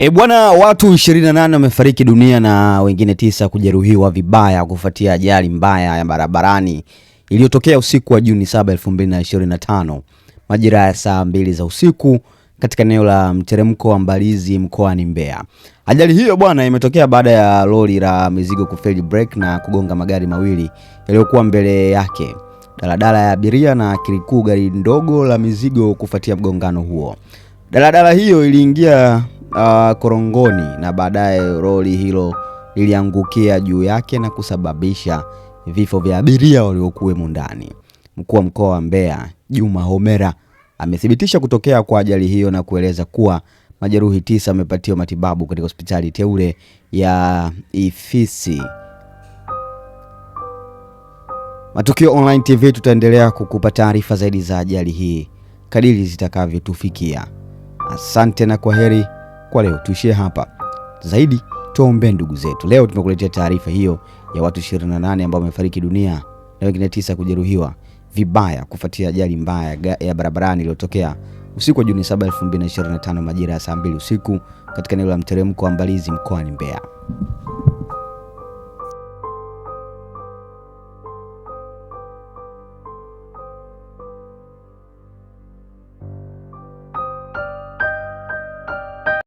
E bwana, watu 28 wamefariki dunia na wengine tisa kujeruhiwa vibaya kufuatia ajali mbaya ya barabarani iliyotokea usiku wa Juni 7, 2025 majira ya saa mbili za usiku katika eneo la mteremko wa Mbalizi mkoani Mbeya. Ajali hiyo bwana imetokea baada ya lori la mizigo kufeli break na kugonga magari mawili yaliyokuwa mbele yake, daladala ya abiria na kilikuu gari ndogo la mizigo kufuatia mgongano huo. Daladala hiyo iliingia uh, korongoni na baadaye roli hilo liliangukia juu yake na kusababisha vifo vya abiria waliokuwemo ndani. Mkuu wa mkoa wa Mbeya Juma Homera amethibitisha kutokea kwa ajali hiyo na kueleza kuwa majeruhi tisa wamepatiwa matibabu katika hospitali teule ya Ifisi. Matukio Online TV tutaendelea kukupa taarifa zaidi za ajali hii kadiri zitakavyotufikia. Asante na kwaheri kwa leo tuishie hapa. Zaidi tuwaombee ndugu zetu. Leo tumekuletea taarifa hiyo ya watu 28 ambao wamefariki dunia na wengine tisa kujeruhiwa vibaya kufuatia ajali mbaya ya barabarani iliyotokea usiku wa Juni 7, 2025 majira ya saa 2 usiku katika eneo la Mteremko wa Mbalizi mkoani Mbeya.